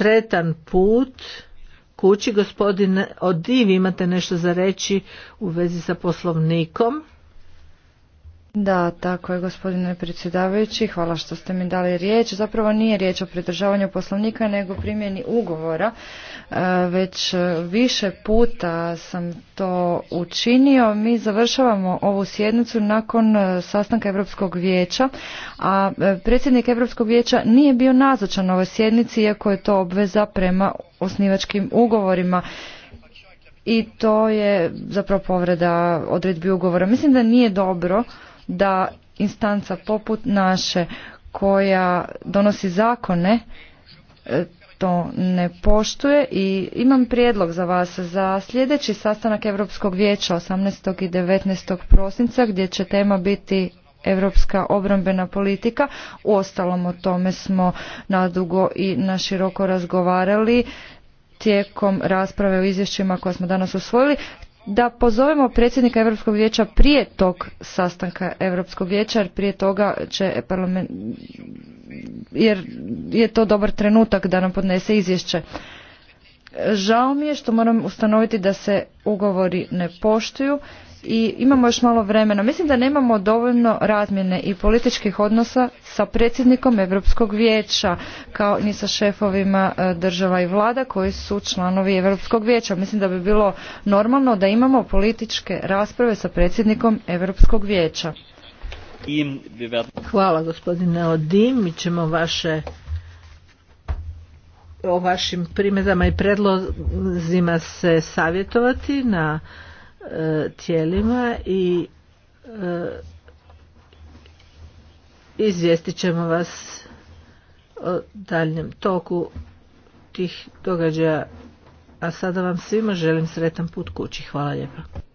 sretan put kući. Gospodine Odiv, imate nešto za reći u vezi sa poslovnikom. Da, tako je gospodine predsjedavajući. Hvala što ste mi dali riječ. Zapravo nije riječ o pridržavanju poslovnika nego primjeni ugovora. E, već više puta sam to učinio. Mi završavamo ovu sjednicu nakon e, sastanka Europskog vijeća, a e, predsjednik Europskog vijeća nije bio nazočan ovoj sjednici iako je to obveza prema osnivačkim ugovorima i to je zapravo povreda odredbi ugovora. Mislim da nije dobro da instanca poput naše koja donosi zakone e, to ne poštuje i imam prijedlog za vas za sljedeći sastanak Europskog vijeća 18. i 19. prosinca gdje će tema biti europska obrambena politika. Uostalom o tome smo nadugo i naširoko razgovarali tijekom rasprave o izvješćima koje smo danas usvojili da pozovemo predsjednika Europskog vijeća prije tog sastanka Europskog vijeća jer prije toga će parlament jer je to dobar trenutak da nam podnese izvješće. Žao mi je što moram ustanoviti da se ugovori ne poštuju i imamo još malo vremena. Mislim da nemamo dovoljno razmjene i političkih odnosa sa predsjednikom Europskog vijeća kao ni sa šefovima e, država i vlada koji su članovi Europskog vijeća. Mislim da bi bilo normalno da imamo političke rasprave sa predsjednikom Europskog vijeća. Hvala gospodine Odim, mi ćemo vaše o vašim primjedama i predlozima se savjetovati na e, tijelima i e, izvijestit ćemo vas o daljnjem toku tih događaja. A sada vam svima želim sretan put kući. Hvala lijepa.